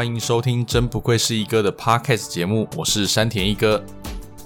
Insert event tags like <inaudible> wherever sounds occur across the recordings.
歡迎收聽真不愧是一哥的 Podcast 節目，我是山田一哥。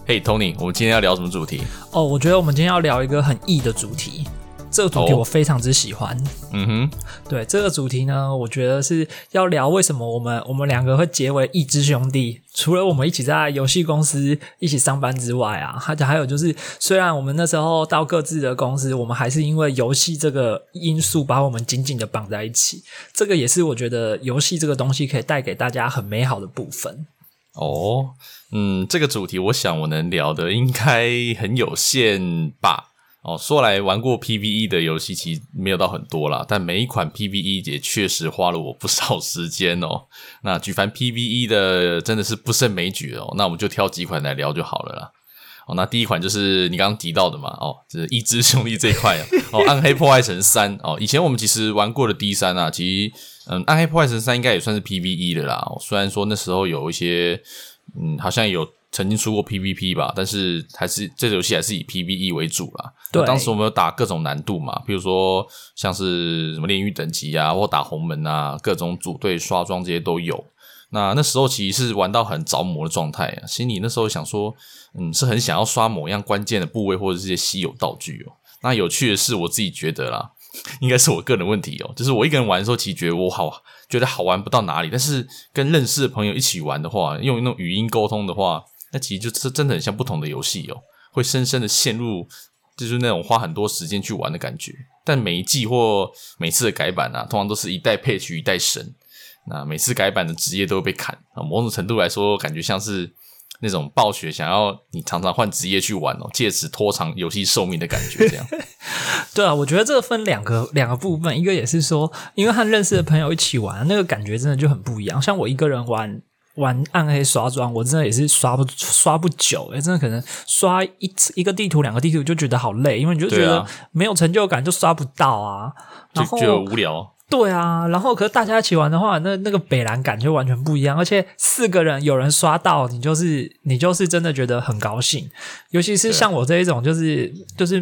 嘿，Hey，Tony，我們今天要聊什麼主題？哦，我覺得我們今天要聊一個很異的主題。這個主題我非常之喜歡。哦，嗯哼，對，這個主題呢，我覺得是要聊為什麼我們我們兩個會結為異質兄弟，除了我們一起在遊戲公司一起上班之外啊，而且還有就是，雖然我們那時候到各自的公司，我們還是因為遊戲這個因素把我們緊緊的綁在一起。這個也是我覺得遊戲這個東西可以帶給大家很美好的部分。哦，嗯，這個主題我想我能聊的應該很有限吧。哦，說來玩過 PVE 的遊戲其實沒有到很多啦，但每一款 PVE 也確實花了我不少時間哦。那舉凡 PVE 的真的是不勝枚舉哦，那我們就挑幾款來聊就好了啦。哦，那第一款就是你剛剛提到的嘛，哦，就是《一只兄弟》這一塊，啊， <laughs> 哦，《暗黑破壞神三》哦，以前我們其實玩過的 D 三啊，其實嗯，《暗黑破壞神三》應該也算是 PVE 的啦，哦。雖然說那時候有一些，嗯，好像有。曾經出過 PVP 吧，但是還是這遊戲還是以 PVE 為主啦。對，啊，當時我們有打各種難度嘛，比如說像是什麼煉獄等級啊，或打紅門啊，各種組隊刷裝，這些都有。那那時候其實是玩到很着魔的狀態啊，心裡那時候想說，嗯，是很想要刷某樣關鍵的部位或者這些稀有道具哦。那有趣的是，我自己覺得啦，應該是我個人問題哦，就是我一個人玩的時候，其實覺得我好覺得好玩不到哪裡，但是跟認識的朋友一起玩的話，用那種語音溝通的話。那其實就是真的很像不同的遊戲哦，會深深的陷入，就是那種花很多時間去玩的感覺。但每一季或每次的改版啊，通常都是一代配角一代神。那每次改版的職業都會被砍啊，某種程度來說，感覺像是那種暴雪想要你常常換職業去玩哦，借此拖長遊戲壽命的感覺這樣。 <laughs> 對啊，我覺得這個分兩個兩個部分，一個也是說，因為和認識的朋友一起玩，那個感覺真的就很不一樣。像我一個人玩，玩暗黑刷裝，我真的也是刷不刷不久、欸，誒真的可能刷一一個地圖兩個地圖就覺得好累，因為你就覺得沒有成就感就刷不到啊，啊然後就就無聊。對啊，然後可是大家一起玩的話，那那個北藍感就完全不一樣，而且四個人有人刷到你，就是你就是真的覺得很高興，尤其是像我這一種就是、啊、就是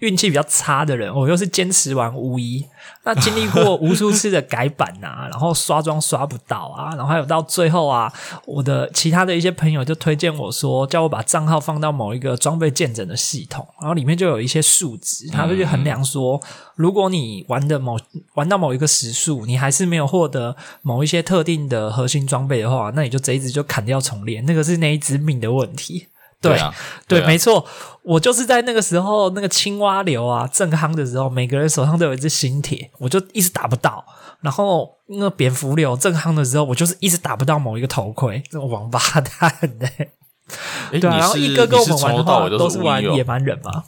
運氣比較差的人，我又是堅持玩巫醫。 <laughs> 那經歷過無數次的改版啊， <laughs> 然後刷裝刷不到啊，然後還有到最後啊，我的其他的一些朋友就推薦我說，叫我把賬號放到某一個裝備鑑證的系統，然後裡面就有一些數值，他去衡量說嗯嗯，如果你玩的某玩到某一個時數，你還是沒有獲得某一些特定的核心裝備的話，那你就這一隻就砍掉重練，那個是那一只命的問題。對，對，啊對啊，對，沒錯，我就是在那個時候，那個青蛙流啊，正夯的時候，每個人手上都有一隻新鐵，我就一直打不到。然後那個、蝙蝠流正夯的時候，我就是一直打不到某一個頭盔，這個王八蛋的、欸。對啊你，然後一哥跟我們玩的話，我都，都是玩野蠻人嘛。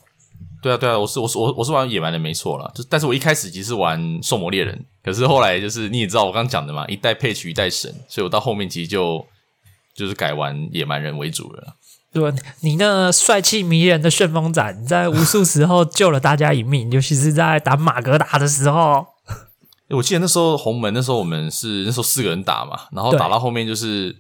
對啊，對啊，我是我是我是我是玩野蠻人，沒錯啦。就但是我一開始其實是玩狩魔獵人，可是後來就是你也知道我剛，剛講的嘛，一代配曲一代神，所以我到後面其實就就是改玩野蠻人為主了。對，你那帥氣迷人的旋風斬，在無數時候救了大家一命， <laughs> 尤其是在打馬格達的時候。我記得那時候紅門，那時候我們是那時候四個人打嘛，然後打到後面就是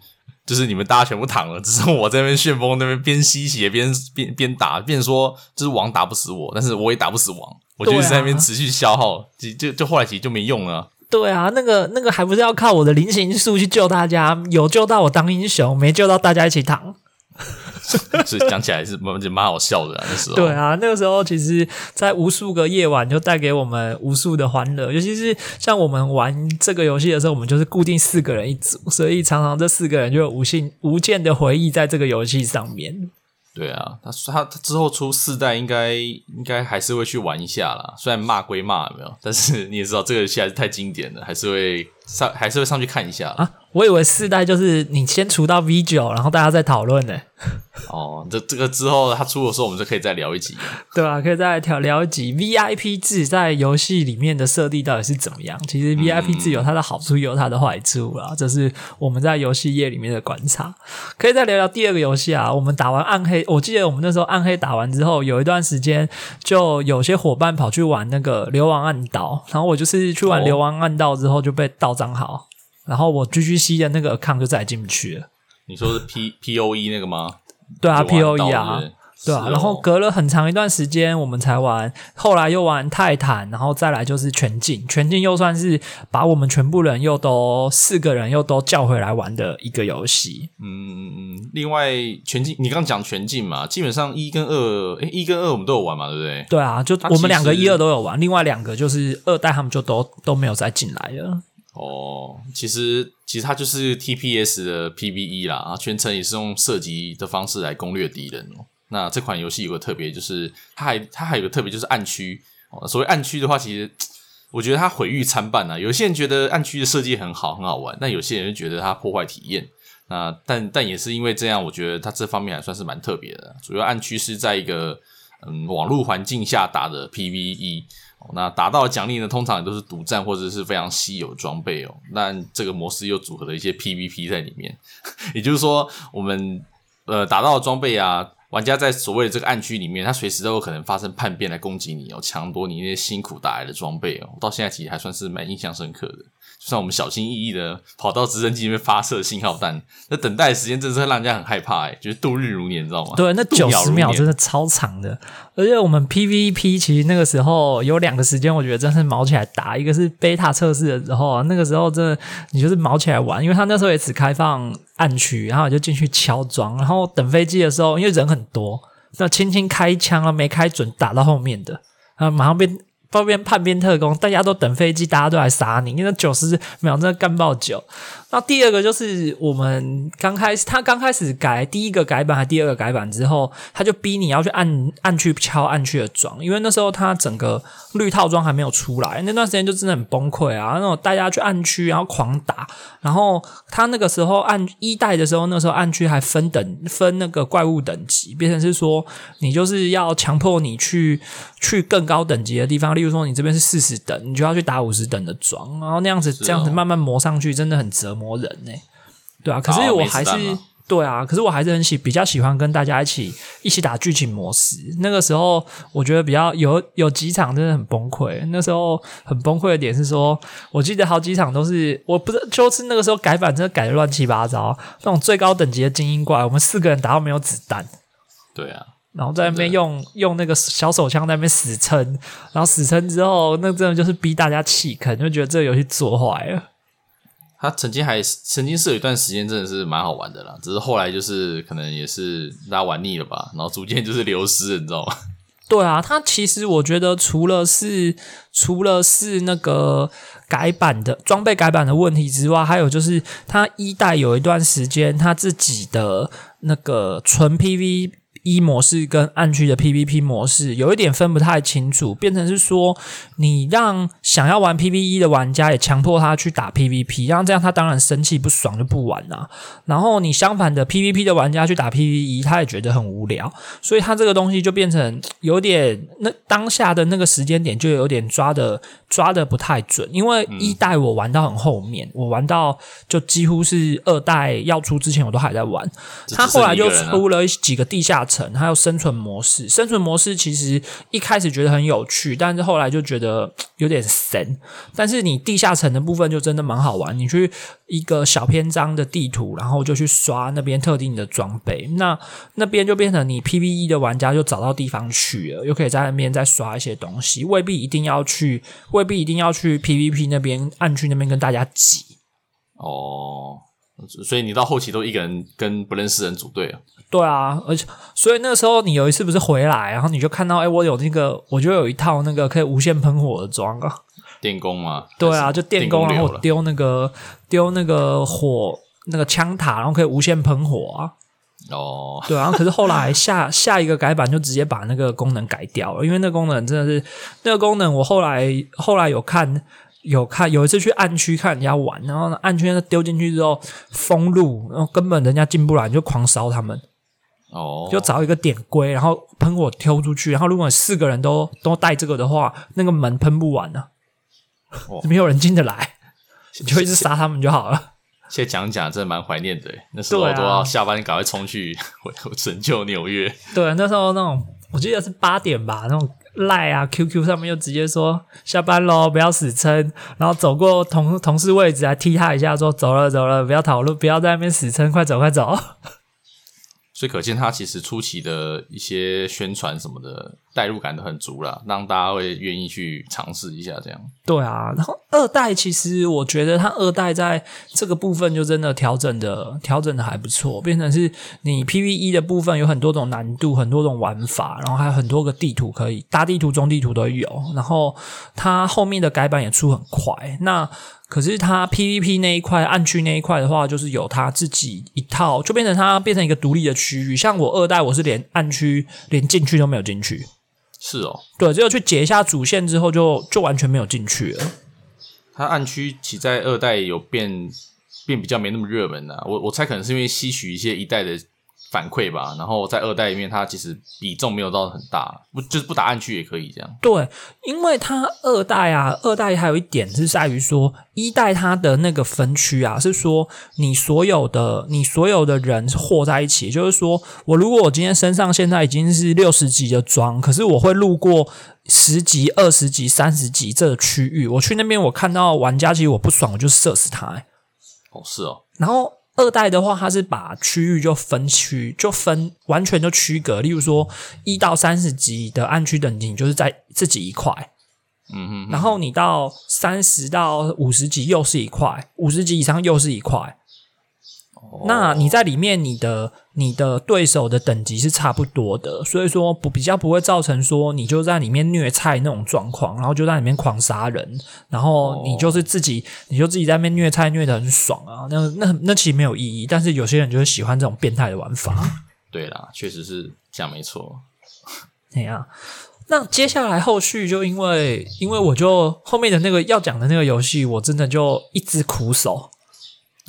就是你們大家全部躺了，只剩我在那邊旋風那邊邊吸血邊邊邊打，邊說就是王打不死我，但是我也打不死王，啊、我就一直在那邊持續消耗，就就後來其實就沒用了。對啊，那個那個還不是要靠我的零星術去救大家，有救到我當英雄，沒救到大家一起躺。 <laughs> <laughs> 所以講起來是蠻蠻好笑的啊，那時候。對啊，那個時候其實，在無數個夜晚就帶給我們無數的歡樂，尤其是像我們玩這個遊戲的時候，我們就是固定四個人一組，所以常常這四個人就有無限無間的回憶在這個遊戲上面。對啊，他他他之後出四代應該，應該應該還是會去玩一下啦。雖然罵歸罵，沒有，但是你也知道這個遊戲還是太經典了，還是會上還是會上去看一下啦啊。我以為四代就是你先出到 V 九，然後大家再討論呢。哦，這這個之後他出的時候，我們就可以再聊一集。 <laughs> 對啊，可以再來聊,聊一集 V I P 制在遊戲裡面的設定到底是怎麼樣？其實 V I P 制有它的好處，也有它的壞處啦、啊嗯，這是我們在遊戲業裡面的觀察。可以再聊聊第二個遊戲啊。我們打完暗黑，我記得我們那時候暗黑打完之後，有一段時間就有些夥伴跑去玩那個流亡暗道，然後我就是去玩流亡暗道之後就被盜賬號。哦然後我 G G C 的那個 account 就再也進不去了。你說是 P P O E 那個嗎？ <laughs> 對啊，P O E 啊，對啊、哦。然後隔了很長一段時間，我們才玩。後來又玩泰坦，然後再來就是全境。全境又算是把我們全部人又都四個人又都叫回來玩的一個遊戲。嗯嗯嗯。另外全境，你剛講全境嘛？基本上一跟二、欸，一跟二我們都有玩嘛，對不對？對啊，就我們兩個一二都有玩。另外兩個就是二代，他們就都都沒有再進來了。哦，其實其實它就是 T P S 的 P V E 啦，啊，全程也是用射擊的方式來攻略敵人哦。那這款遊戲有個特別，就是它還它還有個特別，就是暗區。哦，所謂暗區的話，其實我覺得它毀譽參半啊。有些人覺得暗區的設計很好，很好玩；那有些人就覺得它破壞體驗。那但但也是因為這樣，我覺得它這方面還算是蠻特別的啦。主要暗區是在一個嗯網絡環境下打的 P V E。那打到的獎勵呢，通常也都是獨佔或者是非常稀有裝備哦。那這個模式又組合了一些 PVP 在裡面， <laughs> 也就是說，我們呃打到的裝備啊，玩家在所謂的這個暗區裡面，他隨時都有可能發生叛變來攻擊你哦，搶奪你那些辛苦打來的裝備哦。到現在其實還算是蠻印象深刻的，就算我們小心翼翼的跑到直升機裡面發射信號彈，那等待的時間真的是會讓人家很害怕哎，欸，就是度日如年，你知道嗎？對，那九十秒真的超長的。而且我們 PVP 其實那個時候有兩個時間，我覺得真的是卯起來打。一個是 beta 測試的時候，那個時候真的你就是卯起來玩，因為他那時候也只開放暗區，然後你就進去敲裝，然後等飛機的時候，因為人很多，那輕輕開槍啊，沒開準，打到後面的，然後馬上變後邊叛變特工，大家都等飛機，大家都來殺你，因為那九十秒真的幹爆久。那第二個就是我們剛開始，他剛開始改第一個改版還第二個改版之後，他就逼你要去按按去敲暗區的裝，因為那時候他整個綠套裝還沒有出來，那段時間就真的很崩潰啊！那種大家去暗區然後狂打，然後他那個時候按一代的時候，那時候暗區還分等分那個怪物等級，變成是說你就是要強迫你去去更高等級的地方，例如說你這邊是四十等，你就要去打五十等的裝，然後那樣子、哦、這樣子慢慢磨上去，真的很折磨。魔人呢、欸？對啊，可是我還是、哦、對啊，可是我還是很喜比較喜歡跟大家一起一起打劇情模式。那個時候我覺得比較有有，有幾場真的很崩潰。那時候很崩潰的點是說，我記得好幾場都是我不是就是那個時候改版，真的改的亂七八糟。那種最高等級的精英怪，我們四個人打到沒有子彈。對啊，然後在那邊用用那個小手槍在那邊死撐，然後死撐之後，那真的就是逼大家棄坑，就覺得這個遊戲做壞了。他曾經還曾經是有一段時間真的是蠻好玩的啦，只是後來就是可能也是大家玩膩了吧，然後逐漸就是流失了，你知道嗎？對啊，他其實我覺得除了是除了是那個改版的裝備改版的問題之外，還有就是他一代有一段時間他自己的那個純 PV。一模式跟暗區的 PVP 模式有一點分不太清楚，變成是說，你讓想要玩 PVE 的玩家也強迫他去打 PVP，讓這樣他當然生氣不爽就不玩了。然後你相反的 PVP 的玩家去打 PVE，他也覺得很無聊，所以他這個東西就變成有點那當下的那個時間點就有點抓的。抓的不太準，因為一代我玩到很後面，嗯、我玩到就幾乎是二代要出之前，我都還在玩。他後來就出了幾個地下城，啊，還有生存模式。生存模式其實一開始覺得很有趣，但是後來就覺得有點神。但是你地下城的部分就真的蠻好玩，你去一個小篇章的地圖，然後就去刷那邊特定你的裝備。那那邊就變成你 PVE 的玩家就找到地方去了，又可以在那邊再刷一些東西，未必一定要去。未必一定要去 PVP 那邊暗區那邊跟大家擠哦，oh, 所以你到後期都一個人跟不認識人組隊啊？對啊，而且所以那時候你有一次不是回來，然後你就看到哎、欸，我有那個，我就有一套那個可以無限噴火的裝啊，電工嗎？對啊，就電工，然後丟那個丟那個火那個槍塔，然後可以無限噴火啊。哦、oh. <laughs> 啊，對，然後可是後來下下一個改版就直接把那個功能改掉了，因為那個功能真的是那個功能。我後來後來有看有看，有一次去暗區看人家玩，然後暗區丟進去之後封路，然後根本人家進不來，你就狂燒他們。哦、oh.，就找一個點龜，然後噴火丟出去，然後如果四個人都都帶這個的話，那個門噴不完呢、啊，oh. 沒有人進得來，oh. <laughs> 你就一直殺他們就好了。現在講講，真的蠻懷念的。那時候我都要下班，趕、啊、快衝去，拯救紐約。對，那時候那種，我記得是八點吧，那種 Line 啊，QQ 上面，又直接說下班咯，不要死撐，然後走過同同事位置，來踢他一下，說走了走了，不要討論，不要在那邊死撐，快走快走。所以可見，它其實初期的一些宣傳什麼的帶入感都很足啦，讓大家會願意去嘗試一下這樣。對啊，然後二代其實我覺得它二代在這個部分就真的調整的調整的還不錯，變成是你 PVE 的部分有很多種難度，很多種玩法，然後還有很多個地圖可以大地圖、中地圖都有。然後它後面的改版也出很快。那可是它 PVP 那一塊暗區那一塊的話，就是有他自己一套，就變成它變成一個獨立的區域。像我二代，我是連暗區連進去都沒有進去。是哦，對，只有去解一下主線之後就，就就完全沒有進去了。它暗區其在二代有變變比較沒那麼熱門了啊。我我猜可能是因為吸取一些一代的。反饋吧，然後在二代裡面，它其實比重沒有到很大，不就是不打暗區也可以這樣。對，因為它二代啊，二代還有一點是在於說，一代它的那個分區啊，是說你所有的你所有的人和在一起，就是說我如果我今天身上現在已經是六十級的裝，可是我會路過十級、二十級、三十級這個區域，我去那邊我看到玩家，其實我不爽，我就射死他誒。哦，是哦，然後。二代的話，它是把區域就分區，就分完全就區隔。例如說，一到三十級的暗區等級，就是在自己一塊。嗯嗯，然後你到三十到五十級又是一塊，五十級以上又是一塊。那你在裡面，你的你的對手的等級是差不多的，所以說不比較不會造成說你就在裡面虐菜那種狀況，然後就在裡面狂殺人，然後你就是自己，你就自己在那邊虐菜虐得很爽啊，那那那其實沒有意義，但是有些人就是喜歡這種變態的玩法。對啦，確實是這樣沒錯。哎呀，那接下來後續就因為因為我就後面的那個要講的那個遊戲，我真的就一直苦守。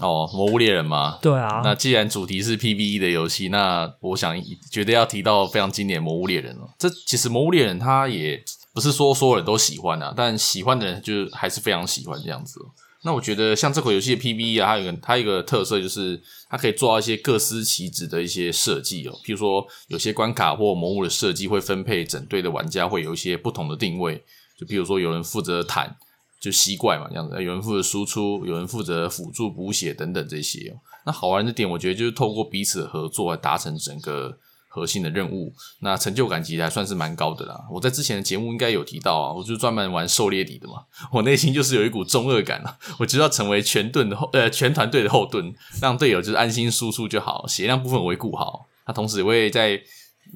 哦，魔物獵人嘛，對啊。那既然主題是 PVE 的遊戲，那我想絕對要提到非常經典的魔物獵人了哦。這其實魔物獵人他也不是說所有人都喜歡啊，但喜歡的人就是還是非常喜歡這樣子哦。那我覺得像這款遊戲的 PVE 啊，它有個它一個特色就是它可以做到一些各司其職的一些設計哦。比如說有些關卡或魔物的設計會分配整隊的玩家會有一些不同的定位，就比如說有人負責坦。就吸怪嘛，這樣子，有人負責輸出，有人負責輔助補血等等這些哦。那好玩的點，我覺得就是透過彼此合作來達成整個核心的任務。那成就感其實還算是蠻高的啦。我在之前的節目應該有提到啊，我就專門玩狩獵笛的嘛。我內心就是有一股中二感啊，我就要成為全盾的後，呃，全團隊的後盾，讓隊友就是安心輸出就好，血量部分我會顧好。他同時也會在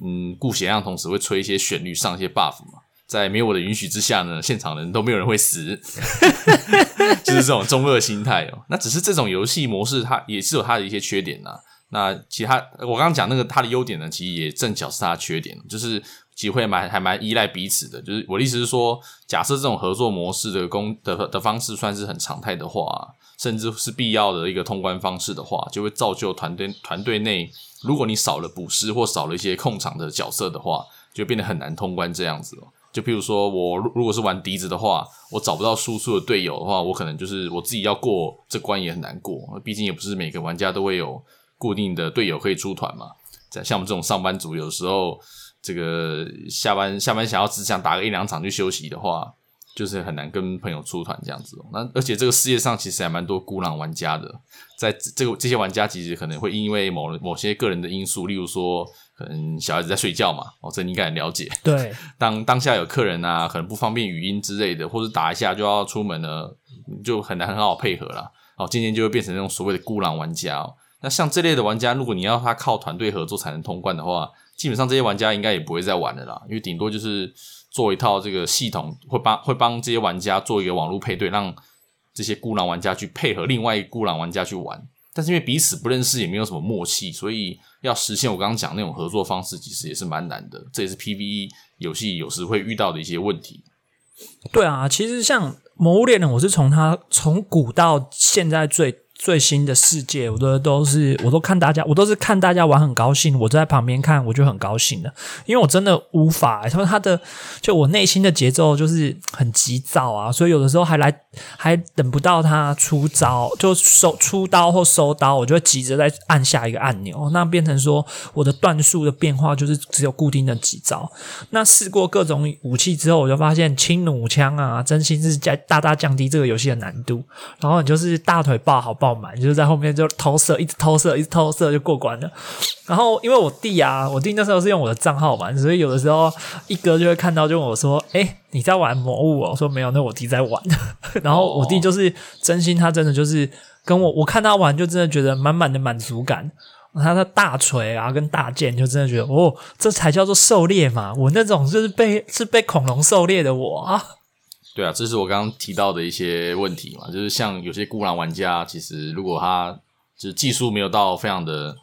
嗯，顧血量同時會吹一些旋律，上一些 buff 嘛。在沒有我的允許之下呢，現場人都沒有人會死， <laughs> 就是這種中二心態哦。那只是這種遊戲模式它，它也是有它的一些缺點吶、啊。那其他我剛剛講那個它的優點呢，其實也正巧是它的缺點，就是機會蠻還蠻依賴彼此的。就是我的意思是說，假設這種合作模式的工的的方式算是很常態的話，甚至是必要的一個通關方式的話，就會造就團隊團隊內，如果你少了補師或少了一些控場的角色的話，就變得很難通關這樣子哦。就譬如說，我如果是玩笛子的話，我找不到輸出的隊友的話，我可能就是我自己要過這關也很難過。畢竟也不是每個玩家都會有固定的隊友可以出團嘛。像像我們這種上班族，有時候這個下班下班想要只想打個一兩場去休息的話，就是很難跟朋友出團這樣子。那而且這個世界上其實還蠻多孤狼玩家的，在這個這些玩家其實可能會因為某某些個人的因素，例如說。可能小孩子在睡覺嘛，哦，這你應該很了解。對，當當下有客人啊，可能不方便語音之類的，或者打一下就要出門了，就很難很好配合了。哦，漸漸就會變成那種所謂的孤狼玩家哦。那像這類的玩家，如果你要他靠團隊合作才能通關的話，基本上這些玩家應該也不會再玩了啦。因為頂多就是做一套這個系統，會幫會幫這些玩家做一個網絡配對，讓這些孤狼玩家去配合另外一個孤狼玩家去玩。但是因為彼此不認識，也沒有什麼默契，所以要實現我剛剛講那種合作方式，其實也是蠻難的。這也是 PVE 遊戲有時會遇到的一些問題。對啊，其實像《魔物獵人》呢，我是從它從古到現在最。最新的世界，我都都是，我都看大家，我都是看大家玩很高興，我就在旁邊看，我就很高興的，因為我真的無法、欸，他說他的，就我內心的節奏就是很急躁啊，所以有的時候還來還等不到他出招就收出刀或收刀，我就會急着再按下一個按鈕，那變成說我的段數的變化就是只有固定的幾招。那試過各種武器之後，我就發現輕弩槍啊，真心是在大大降低這個遊戲的難度。然後你就是大腿抱好抱。玩就是在後面就投射，一直投射，一直投射就過關了。然後因為我弟啊，我弟那時候是用我的賬號玩，所以有的時候一哥就會看到，就問我說：“誒、欸，你在玩魔物、哦？”我說：“沒有，那我弟在玩。 <laughs> ”然後我弟就是、哦、真心，他真的就是跟我，我看他玩就真的覺得滿滿的滿足感。他的大錘啊跟大劍，就真的覺得哦，這才叫做狩獵嘛！我那種就是被是被恐龍狩獵的我。對啊，這是我剛剛提到的一些問題嘛，就是像有些孤狼玩家，其實如果他就是技術沒有到非常的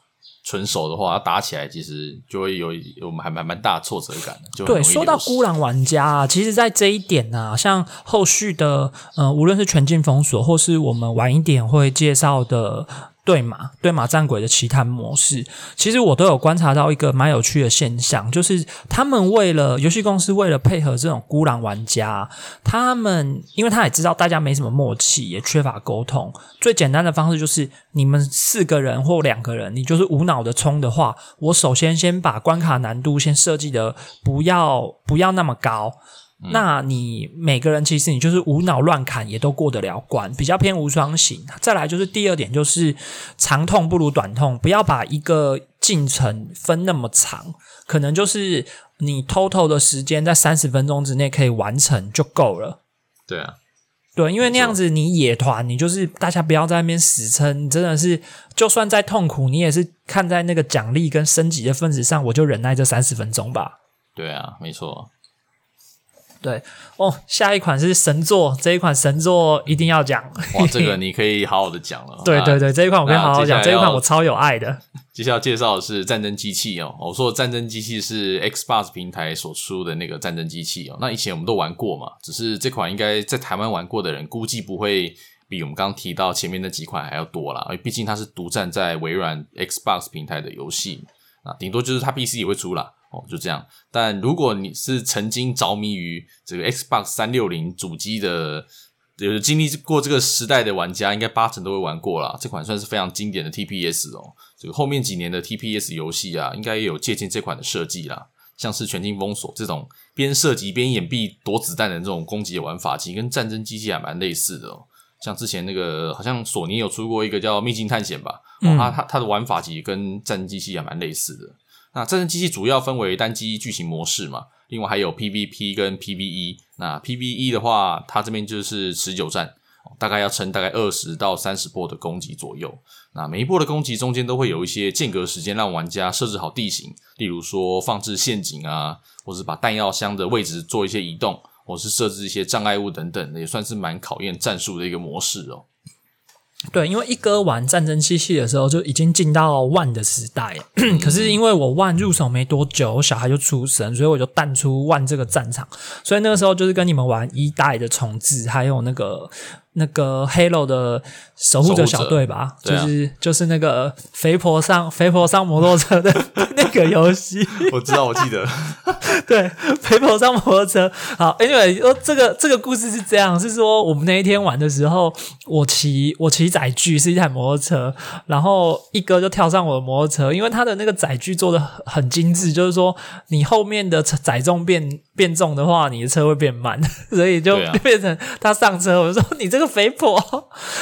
純熟的話，他打起來其實就會有我們還蠻還蠻大的挫折感的就會。對，說到孤狼玩家，啊，其實，在這一點啊，像後續的，呃無論是全境封鎖，或是我們晚一點會介紹的、對馬對馬戰鬼的奇譚模式，其實我都有觀察到一個蠻有趣的現象，就是他們為了遊戲公司為了配合這種孤狼玩家，他們因為他也知道大家沒什麼默契，也缺乏溝通，最簡單的方式就是你們四個人或兩個人，你就是無腦的衝的話，我首先先把關卡難度先設計得不要不要那麼高。那你每個人其實你就是無腦亂砍，也都過得了關，比較偏無雙型。再來就是第二點，就是長痛不如短痛，不要把一個進程分那麼長，可能就是你 total 的時間在三十分鐘之內可以完成就夠了。對啊，對，因為那樣子你野團，你就是大家不要在那邊死撐，你真的是就算再痛苦，你也是看在那個獎勵跟升級的份子上，我就忍耐這三十分鐘吧。對啊，沒錯。對哦，下一款是神作，這一款神作一定要講。哇，這個你可以好好的講了。 <laughs> 對對對，這一款我可以好好講，這一款我超有愛的。接下來介紹的是《戰爭機器》哦，我說《戰爭機器》是 Xbox 平台所出的那個《戰爭機器》哦。那以前我們都玩過嘛，只是這款應該在台灣玩過的人，估計不會比我們剛提到前面那幾款還要多啦。因為畢竟它是獨占在微軟 Xbox 平台的遊戲啊，頂多就是它 PC 也會出啦。哦，就這樣。但如果你是曾經着迷於這個 Xbox 三六零主機的，有經歷過這個時代的玩家，應該八成都會玩過啦，這款算是非常經典的 TPS 哦。這個後面幾年的 TPS 遊戲啊，應該也有借鑑這款的設計啦。像是《全境封鎖》這種邊射擊邊掩蔽躲子彈的這種攻擊的玩法，其實跟戰爭機器還蠻類似的喔。像之前那個好像索尼有出過一個叫《秘境探險》吧。嗯。哦，它它的玩法其實跟戰爭機器還蠻類似的。那戰爭機器主要分為單機劇情模式嘛，另外還有 PVP 跟 PVE。那 PVE 的話，它這邊就是持久戰，大概要撐大概二十到三十波的攻擊左右。那每一波的攻擊中間都會有一些間隔時間，讓玩家設置好地形，例如說放置陷阱啊，或是把彈藥箱的位置做一些移動，或是設置一些障礙物等等，也算是蠻考驗戰術的一個模式哦。對，因為一哥玩戰爭機器的時候，就已經進到萬的時代。可是因為我萬入手沒多久，我小孩就出生，所以我就淡出萬這個戰場。所以那個時候就是跟你們玩一代的重置，還有那個。那個《Halo》的守護者小隊吧，就是、啊、就是那個肥婆上肥婆上摩托車的那個遊戲， <laughs> 我知道，我記得。 <laughs> 對，肥婆上摩托車。好，Anyway，這個這個故事是這樣，是說我們那一天玩的時候，我騎我騎載具是一台摩托車，然後一哥就跳上我的摩托車，因為他的那個載具做的很精緻，就是說你後面的載重變變重的話，你的車會變慢，所以就變成他上車。啊、我就說你這個。肥婆，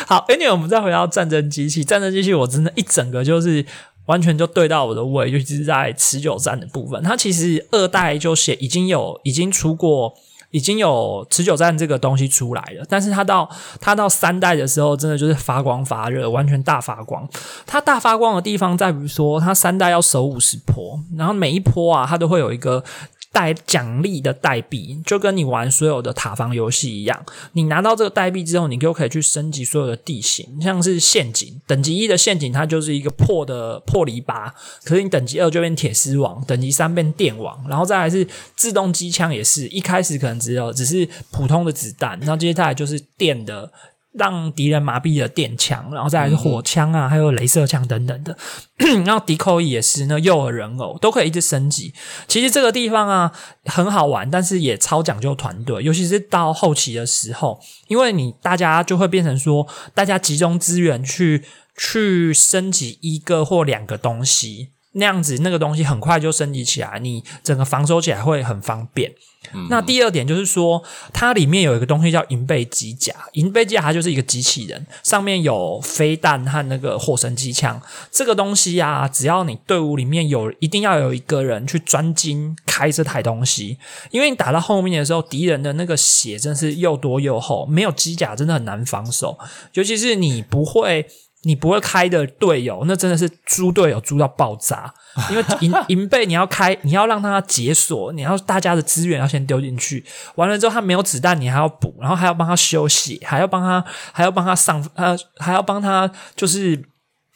好，Anyway，我們再回到戰爭機器。戰爭機器，我真的，一整個就是完全就對到我的胃，就是在持久戰的部分。它其實二代就寫已經有，已經出過已經有持久戰這個東西出來了。但是它到它到三代的時候，真的就是發光發熱，完全大發光。它大發光的地方在，比如說它三代要守五十波，然後每一波啊，它都會有一個。帶獎勵的代幣，就跟你玩所有的塔防遊戲一樣。你拿到這個代幣之後，你就可以去升級所有的地形，像是陷阱。等級一的陷阱，它就是一個破的破籬笆，可是你等級二就變鐵絲網，等級三變電網，然後再來是自動機槍，也是一開始可能只有只是普通的子彈，那接下來就是電的。讓敵人麻痹了電槍，然後再來是火槍啊，嗯、還有雷射槍等等的。然後敵扣也是，那誘餌人偶都可以一直升級。其實這個地方啊，很好玩，但是也超講究團隊，尤其是到後期的時候，因為你大家就會變成說，大家集中資源去去升級一個或兩個東西。那樣子，那個東西很快就升級起來，你整個防守起來會很方便。嗯、那第二點就是說，它裡面有一個東西叫銀背機甲，銀背機甲它就是一個機器人，上面有飛彈和那個火神機槍。這個東西呀、啊，只要你隊伍裡面有一定要有一個人去專精開這台東西，因為你打到後面的時候，敵人的那個血真是又多又厚，沒有機甲真的很難防守，尤其是你不會。你不會開的隊友，那真的是豬隊友，豬到爆炸。因為銀銀背你要開，你要讓他解鎖，你要大家的資源要先丟進去，完了之後他沒有子彈，你還要補，然後還要幫他休息，還要幫他，還要幫他上，還要，還要幫他，就是。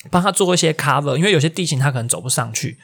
幫他做一些 cover，因為有些地形他可能走不上去，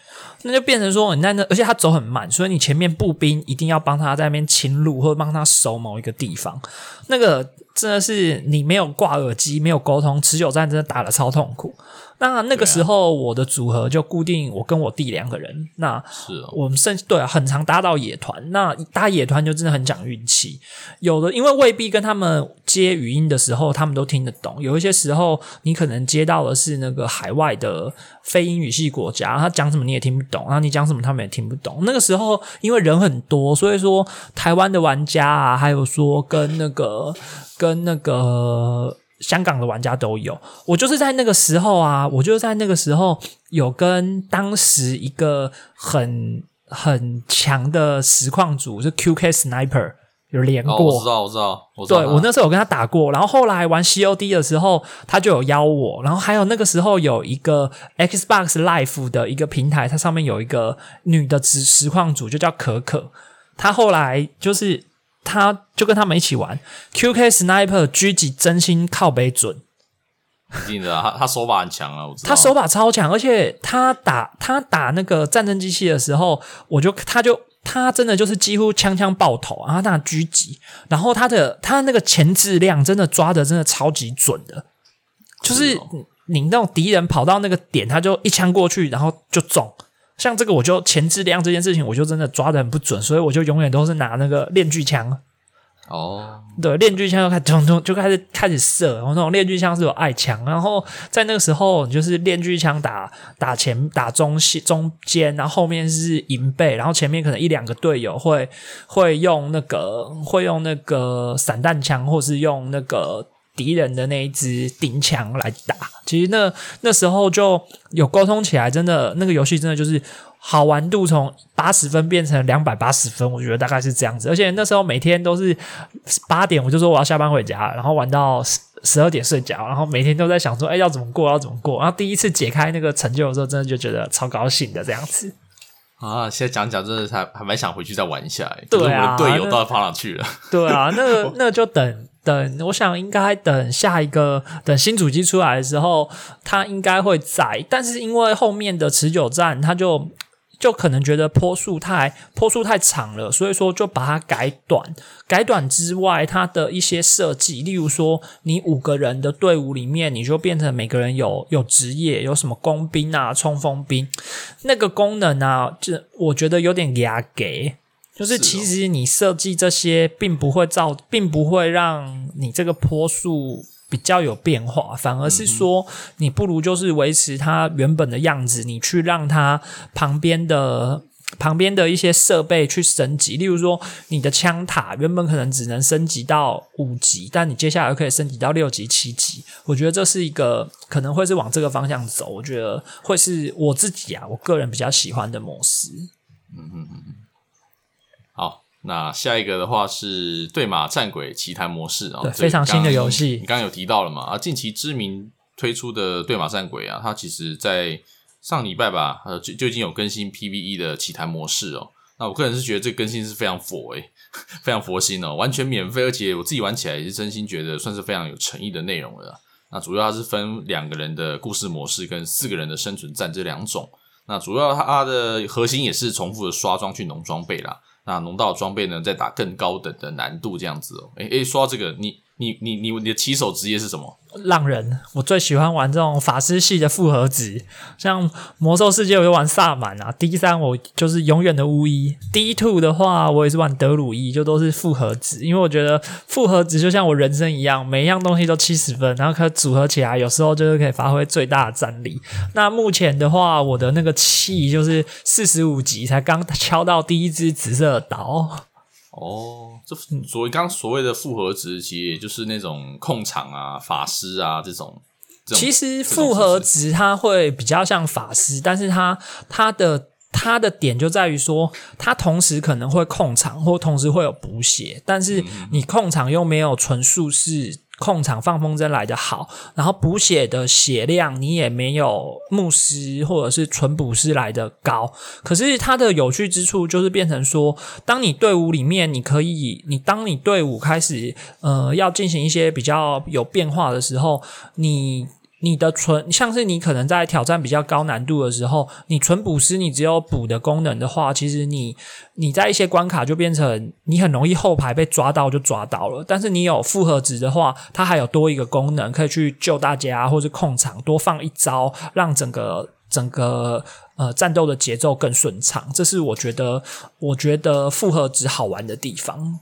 那就變成說你在那，而且他走很慢，所以你前面步兵一定要幫他在那邊清路，或者幫他守某一個地方。那個真的是你沒有掛耳機，沒有溝通，持久戰真的打得超痛苦。那那個時候，我的組合就固定我跟我弟兩個人。那是我們甚至對啊，很常搭到野團。那搭野團就真的很講運氣。有的因為未必跟他們接語音的時候，他們都聽得懂。有一些時候，你可能接到的是那個海外的非英語系國家，他講什麼你也聽不懂，然後你講什麼他們也聽不懂。那個時候，因為人很多，所以說台灣的玩家啊，還有說跟那個跟那個。香港的玩家都有，我就是在那個時候啊，我就是在那個時候有跟當時一個很很強的實況組，就 QK Sniper 有連過，哦，我知道，我知道，我知道。對，啊，我那時候有跟他打過，然後後來玩 COD 的時候，他就有邀我。然後還有那個時候有一個 Xbox Live 的一個平台，它上面有一個女的實實況組，就叫可可。她後來就是。他就跟他們一起玩 QK Sniper 狙擊，真心靠北準。你他他手法很強啊，我知道。他手法超強，而且他打他打那個戰爭機器的時候，我就他就他真的就是幾乎槍槍爆頭啊，那狙擊。然後他的他那個前置量真的抓的真的超級準的，就是你那種敵人跑到那個點，他就一槍過去，然後就中。像這個我就前置量這件事情，我就真的抓得很不準，所以我就永遠都是拿那個鏈鋸槍，哦、oh.，對，鏈鋸槍開，咚咚就開始，就開，始就開始射，然後那種鏈鋸槍是有矮牆，然後在那個時候你就是鏈鋸槍打打前打中心中間，然後後面是銀背，然後前面可能一兩個隊友會會用那個會用那個散彈槍，或是用那個。敵人的那一只頂牆來打，其實那那時候就有溝通起來，真的那個遊戲真的就是好玩度從八十分變成兩百八十分，我覺得大概是這樣子。而且那時候每天都是八點，我就說我要下班回家，然後玩到十十二點睡覺，然後每天都在想說，哎、欸，要怎麼過，要怎麼過？然後第一次解開那個成就的時候，真的就覺得超高興的這樣子。啊，現在講講真的還還蠻想回去再玩一下、欸，對、啊，可是我的隊友到底跑哪去了？對啊，那對啊那，那就等。 <laughs> 等，我想，應該等下一個等新主機出來的時候，它應該會在。但是因為後面的持久戰，它就就可能覺得波數太波數太長了，所以說就把它改短。改短之外，它的一些設計，例如說你五個人的隊伍裡面，你就變成每個人有有職業，有什麼工兵啊、衝鋒兵那個功能啊，這我覺得有點壓給。就是其實你設計這些並不會造，哦、並不會讓你這個波數比較有變化，反而是說你不如就是維持它原本的樣子，你去讓它旁邊的、旁邊的一些設備去升級。例如說，你的槍塔原本可能只能升級到五級，但你接下來可以升級到六級、七級。我覺得這是一個可能會是往這個方向走。我覺得會是我自己啊，我個人比較喜歡的模式。嗯哼嗯嗯嗯。好、哦，那下一個的話是《對馬戰鬼》奇譚模式啊、哦，這個，非常新的遊戲。你剛剛有提到了嘛？啊，近期知名推出的《對馬戰鬼》啊，它其實在上禮拜吧，呃，就就已經有更新 PVE 的奇譚模式哦。那我個人是覺得這個更新是非常佛誒、欸，非常佛心哦，完全免費，而且我自己玩起來也是真心覺得算是非常有誠意的內容了。那主要它是分兩個人的故事模式跟四個人的生存戰這兩種。那主要它的核心也是重複的刷裝去農裝備啦。那農到裝備呢，再打更高等的難度這樣子哦。哎哎，說到這個，你你你你你的起手職業是什麼？浪人，我最喜歡玩這種法師系的複合職，像魔獸世界我就玩薩滿啊，D 三我就是永遠的巫醫，D two 的話我也是玩德魯伊，就都是複合職，因為我覺得複合職就像我人生一樣，每一樣東西都七十分，然後可以組合起來，有時候就是可以發揮最大的戰力。那目前的話，我的那個氣就是四十五級，才剛敲到第一隻紫色的刀。哦，這所，剛剛所謂的複合職，其實也就是那種控場啊、法師啊這種、這種。其實複合職它會比較像法師，但是它它的它的點就在於說，它同時可能會控場，或同時會有補血，但是你控場又沒有純術士控場放風箏來的好，然後補血的血量你也沒有牧師或者是純補師來的高，可是它的有趣之處就是變成說，當你隊伍裡面你可以，你當你隊伍開始呃要進行一些比較有變化的時候，你。你的純像是你可能在挑戰比較高難度的時候，你純補師你只有補的功能的話，其實你你在一些關卡就變成你很容易後排被抓到就抓到了。但是你有複合值的話，它還有多一個功能可以去救大家或是控場，多放一招讓整個整個呃戰鬥的節奏更順暢。這是我覺得我覺得複合值好玩的地方。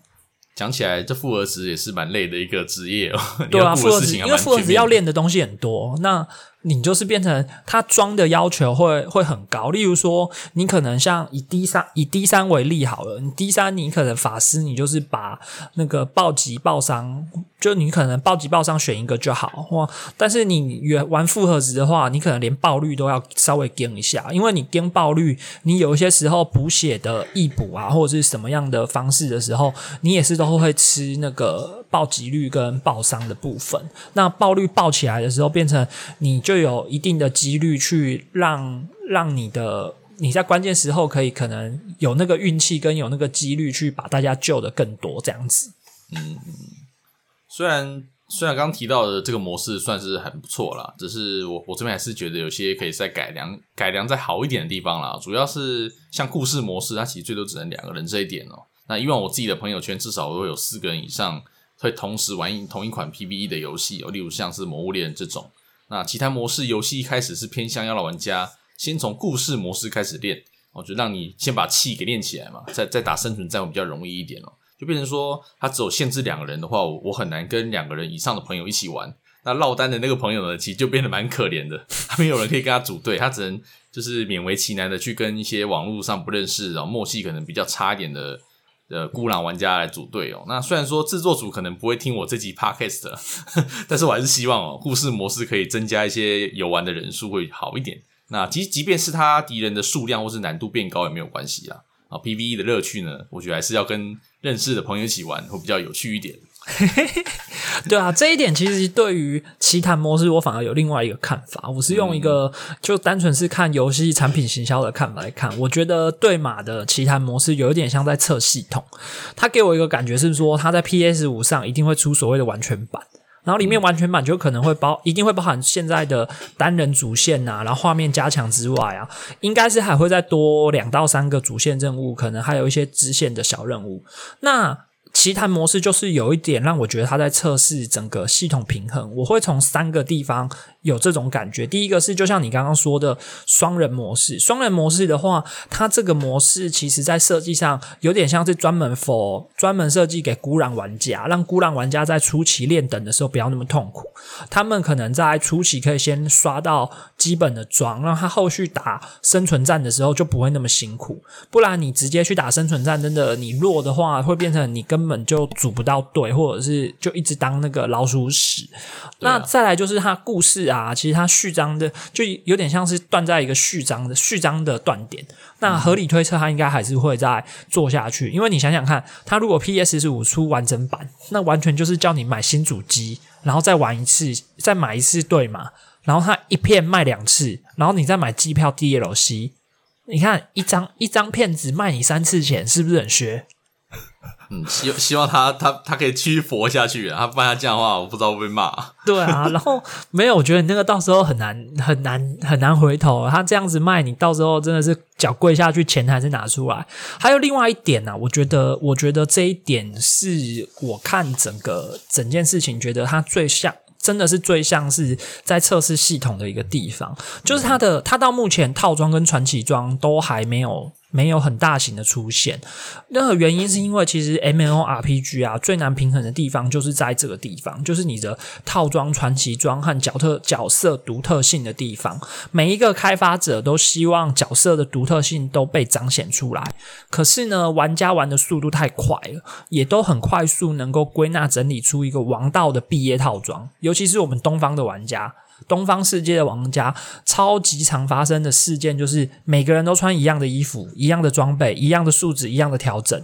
想起來，這副兒子也是蠻累的一個職業哦。對啊，副兒子因為副兒子要練的東西很多，那。你就是變成他裝的要求會會很高，例如說，你可能像以 D 三以 D 三為例好了，你 D 三你可能法師，你就是把那個暴擊暴傷，就你可能暴擊暴傷選一個就好哇。但是你玩複合值的話，你可能連暴率都要稍微跟一下，因為你跟暴率，你有一些時候補血的溢補啊，或者是什麼樣的方式的時候，你也是都會吃那個。暴擊率跟暴傷的部分，那暴率暴起來的時候，變成你就有一定的幾率去讓讓你的你在關鍵時候可以可能有那個運氣跟有那個幾率去把大家救得更多這樣子。嗯嗯，雖然雖然剛提到的這個模式算是很不錯啦，只是我我這邊還是覺得有些可以再改良改良再好一點的地方啦。主要是像故事模式，它其實最多只能兩個人這一點哦、喔。那因為我自己的朋友圈至少我會有四個人以上，會同時玩同一款 PVE 的遊戲，哦，例如像是《魔物獵人》這種。那其他模式遊戲一開始是偏向要老玩家先從故事模式開始練，我、哦、就讓你先把氣給練起來嘛，再再打生存戰會比較容易一點哦，就變成說，他只有限制兩個人的話，我，我很難跟兩個人以上的朋友一起玩。那落單的那個朋友呢，其實就變得蠻可憐的，他沒有人可以跟他組隊，他只能就是勉為其難的去跟一些網絡上不認識，然後默契可能比較差一點的。呃，孤狼玩家來組隊哦。那雖然說制作組可能不會聽我這集 podcast，的呵但是我還是希望哦，故事模式可以增加一些遊玩的人數會好一點。那即即便是他敵人的數量或是難度變高也沒有關係啦。啊，PVE 的樂趣呢，我覺得還是要跟認識的朋友一起玩會比較有趣一點。嘿嘿嘿，對啊，這一點其實對於奇譚模式，我反而有另外一個看法。我是用一個就單純是看遊戲產品行銷的看法來看，我覺得對馬的奇譚模式有一點像在測系統。它給我一個感覺是說，它在 PS 五上一定會出所謂的完全版，然後裡面完全版就可能會包，一定會包含現在的單人主線吶、啊，然後畫面加強之外啊，應該是還會再多兩到三個主線任務，可能還有一些支線的小任務。那奇譚模式，就是有一點讓我覺得他在測試整個系統平衡。我會從三個地方有這種感覺。第一個是就像你剛剛說的雙人模式，雙人模式的話，它這個模式其實在設計上有點像是專門 for 專門設計給孤狼玩家，讓孤狼玩家在初期練等的時候不要那麼痛苦。他們可能在初期可以先刷到基本的裝，讓他後續打生存戰的時候就不會那麼辛苦。不然你直接去打生存戰，真的你弱的話會變成你根本根本就組不到隊，或者是就一直當那個老鼠屎。啊、那再來就是他故事啊，其實他序章的就有點像是斷在一個序章的序章的斷點。那合理推測他應該還是會再做下去、嗯，因為你想想看，他如果 PS5 出完整版，那完全就是叫你買新主機，然後再玩一次，再買一次對馬。然後他一片賣兩次，然後你再買機票 DLC。你看一張一張片子賣你三次錢，是不是很削？嗯，希希望他他他可以繼續活下去，他不然他這樣的話，我不知道會被罵。對啊，然後沒有，我覺得你那個到時候很難很難很難回頭，他這樣子賣你，到時候真的是腳跪下去，錢還是拿出來。還有另外一點呢、啊，我覺得我覺得這一點是，我看整個整件事情，覺得他最像真的是最像是在測試系統的一個地方，就是他的、嗯、他到目前套裝跟傳奇裝都還沒有。沒有很大型的出現，那個原因是因為其實 MMORPG 啊，最難平衡的地方就是在這個地方，就是你的套裝、傳奇裝和角特角色獨特性的地方。每一個開發者都希望角色的獨特性都被彰顯出來，可是呢，玩家玩的速度太快了，也都很快速能夠歸納整理出一個王道的畢業套裝，尤其是我們東方的玩家。東方世界的玩家超級常發生的事件就是每個人都穿一樣的衣服、一樣的裝備、一樣的素質、一樣的調整。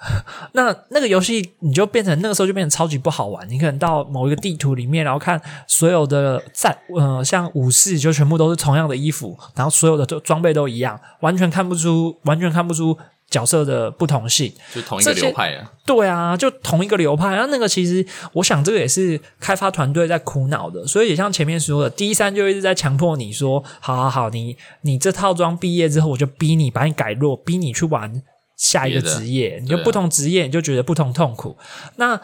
<laughs> 那那個遊戲你就變成那個時候就變成超級不好玩。你可能到某一個地圖裡面，然後看所有的戰，呃，像武士就全部都是同樣的衣服，然後所有的都裝備都一樣，完全看不出，完全看不出。角色的不同性，就同一個流派啊，對啊，就同一個流派。然後那個其實，我想這個也是開發團隊在苦惱的，所以也像前面說的，D 三就一直在強迫你說，好好好，你你這套裝畢業之後，我就逼你把你改弱，逼你去玩下一個職業，業你就不同職業你就覺得不同痛苦，那。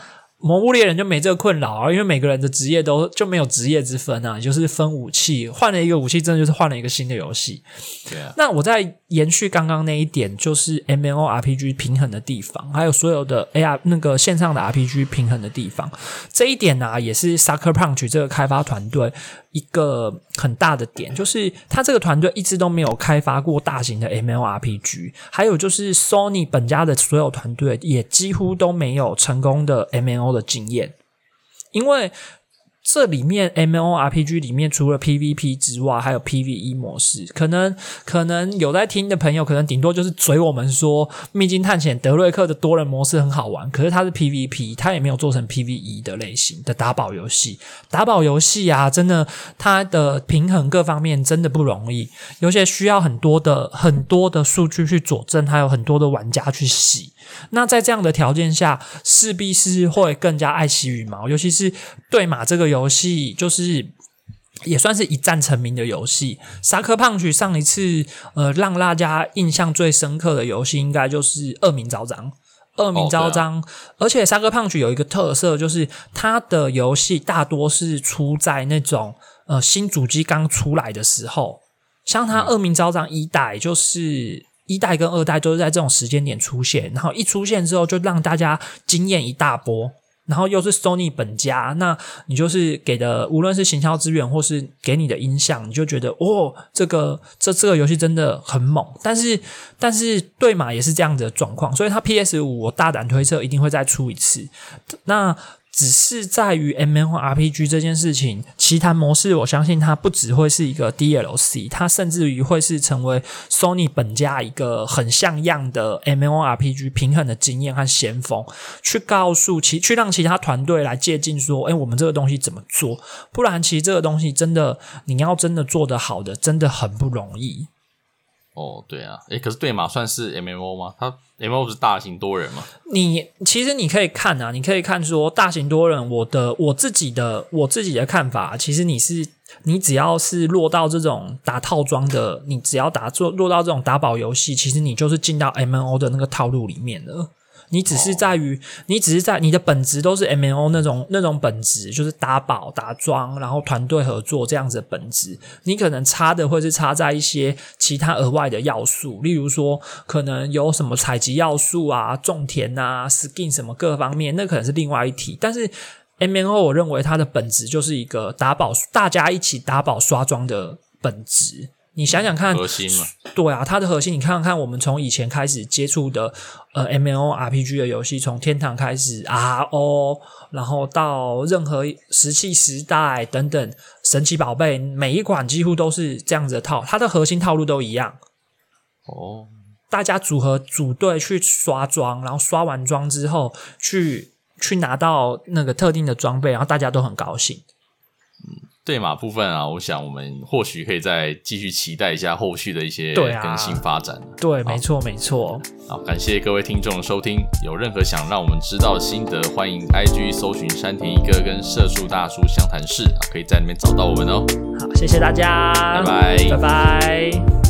魔物獵人就沒這個困擾啊，因為每個人的職業都就沒有職業之分啊，就是分武器，換了一個武器，真的就是換了一個新的遊戲。對啊，那我再延續剛剛那一點，就是 MMORPG 平衡的地方，還有所有的 A R 那個線上的 R P G 平衡的地方，這一點呢、啊、也是 Sucker Punch 這個開發團隊。一個很大的點就是，他這個團隊一直都沒有開發過大型的 MMORPG，還有就是 Sony 本家的所有團隊也幾乎都沒有成功的 MMO 的經驗，因為。這裡面 M O R P G 裡面除了 P V P 之外，還有 P V E 模式。可能可能有在聽的朋友，可能頂多就是嘴我們說《秘境探險》德瑞克的多人模式很好玩，可是它是 P V P，它也沒有做成 P V E 的類型的打寶遊戲。打寶遊戲啊，真的它的平衡各方面真的不容易，有些需要很多的很多的數據去佐證，還有很多的玩家去洗。那在這樣的條件下，勢必是會更加愛惜羽毛，尤其是對馬這個。遊戲就是也算是一戰成名的遊戲。Sucker Punch 上一次呃讓大家印象最深刻的遊戲，應該就是名《惡名昭彰》。《惡名昭彰》，而且 Sucker Punch 有一個特色，就是他的遊戲大多是出在那種呃新主機剛出來的時候，像他《惡名昭彰》一代就是一代跟二代都是在這種時間點出現，然後一出現之後就讓大家驚艷一大波。然後又是 Sony 本家，那你就是給的，無論是行銷資源或是給你的音像，你就覺得哦，這個這這個遊戲真的很猛。但是，但是對馬也是這樣子的狀況，所以它 PS5 我大膽推測一定會再出一次。那。只是在於 MMORPG 這件事情，奇譚模式我相信它不只會是一個 D L C，它甚至於會是成為 Sony 本家一個很像樣的 MMORPG 平衡的經驗和先鋒，去告訴其去讓其他團隊來借鑑，說，哎、欸，我們這個東西怎麼做？不然，其實這個東西真的你要真的做得好的，真的很不容易。哦、oh，對啊，誒，可是對馬算是 MMO 嗎？它 MMO 不是大型多人嗎？你其實你可以看啊，你可以看說大型多人，我的我自己的我自己的看法，其實你是你只要是落到這種打套裝的，你只要打做落到這種打寶遊戲，其實你就是進到 MMO 的那個套路裡面了。你只是在於，你只是在你的本質都是 MMO 那種那種本質，就是打寶打裝，然後團隊合作這樣子的本質。你可能差的會是差在一些其他額外的要素，例如說可能有什麼採集要素啊、種田啊、skin 什麼各方面，那可能是另外一題。但是 MMO，我認為它的本質就是一個打寶，大家一起打寶刷裝的本質。你想想看，核心嘛，對啊，它的核心，你看看我們從以前開始接觸的，呃，MMORPG 的遊戲，從天堂開始，R O，然後到任何石器時代等等，神奇寶貝，每一款幾乎都是這樣子的套，它的核心套路都一樣。哦，大家組合組隊去刷裝，然後刷完裝之後，去去拿到那個特定的裝備，然後大家都很高興。嗯。對馬部分啊，我想我們或許可以再繼續期待一下後續的一些更新發展。對，啊對，沒錯，沒錯。好，感謝各位聽眾的收聽。有任何想讓我們知道的心得，歡迎 I G 搜尋山田一哥跟社畜大叔相談室，可以在裡面找到我們哦。好，謝謝大家，拜拜。拜拜。